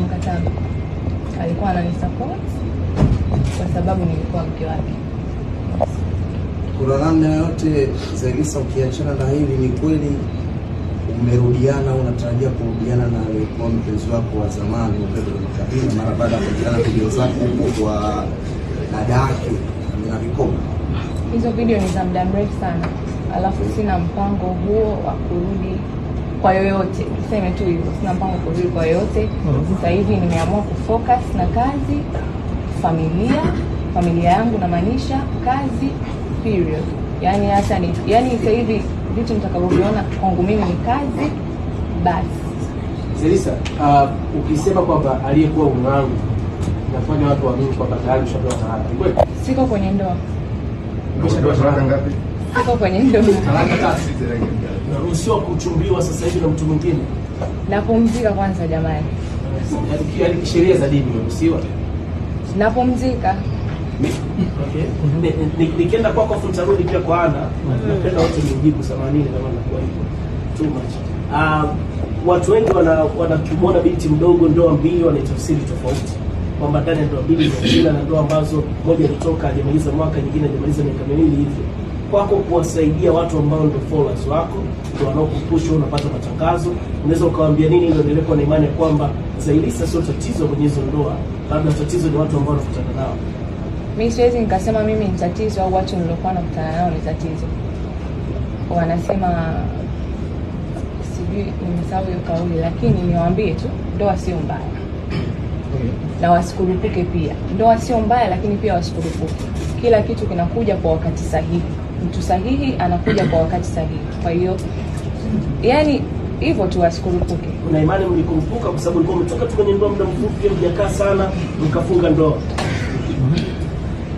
mkataba alikuwa ananisupport kwa sababu nilikuwa mke wake. Kuna namna yoyote Zaiylissa, ukiachana na hili, ni kweli umerudiana au unatarajia kurudiana na aliyekuwa mpenzi wako wa zamani Pedro Makabila mara baada ya kuachana video zake huko kwa dada yake Amina Hizo video ni za muda mrefu sana, alafu sina mpango huo wa kurudi kwa yoyote, tuseme tu hivyo, sina mpango kurudi kwa yoyote. Mm-hmm. Sasa hivi nimeamua kufocus na kazi, familia, familia yangu namaanisha kazi period. Yani hata ni yani, sasa hivi vitu nitakavyoviona kwangu mimi ni kazi basi. Selisa, uh, ukisema kwamba aliyekuwa unangu nafanya watu waamini kwamba tayari ushapewa talaka, ni kweli? Siko kwenye ndoa. Umeshapewa talaka ngapi? kutoka kwenye ndoa. Naruhusiwa kuchumbiwa sasa hivi na mtu mwingine? Napumzika kwanza jamani. Yaani, yaani sheria za dini umeruhusiwa? Napumzika. Nikienda kwako afu nitarudi pia kwa Ana, napenda wote nijibu kama hivyo too much. Ah, watu wengi wanakimona binti mdogo ndoa mbili wanaitafsiri tofauti kwamba ndani ya ndoa mbili na ndoa ambazo moja ilitoka hajamaliza mwaka nyingine hajamaliza miaka miwili hivyo kwako kuwasaidia watu ambao ndio followers wako ndio wanaokupush, unapata matangazo. Unaweza ukawaambia nini ndio endelee kuwa na imani kwamba Zaiylisa sio tatizo kwenye hizo ndoa, labda tatizo ni watu ambao wanakutana nao. Mimi siwezi nikasema mimi ni tatizo au watu nilikuwa nakutana nao ni tatizo. Wanasema sijui, nimesahau hiyo kauli, lakini niwaambie tu ndoa sio mbaya na wasikurupuke pia. Ndoa sio mbaya, lakini pia wasikurupuke. Kila kitu kinakuja kwa wakati sahihi mtu sahihi anakuja kwa wakati sahihi. Kwa hiyo yani hivyo tu, asikurupuke. Kuna imani mlikurupuka kwa sababu ulikuwa umetoka tu kwenye ndoa muda mfupi, mjakaa sana, mkafunga ndoa.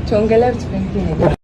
Tuongelee vitu vingine.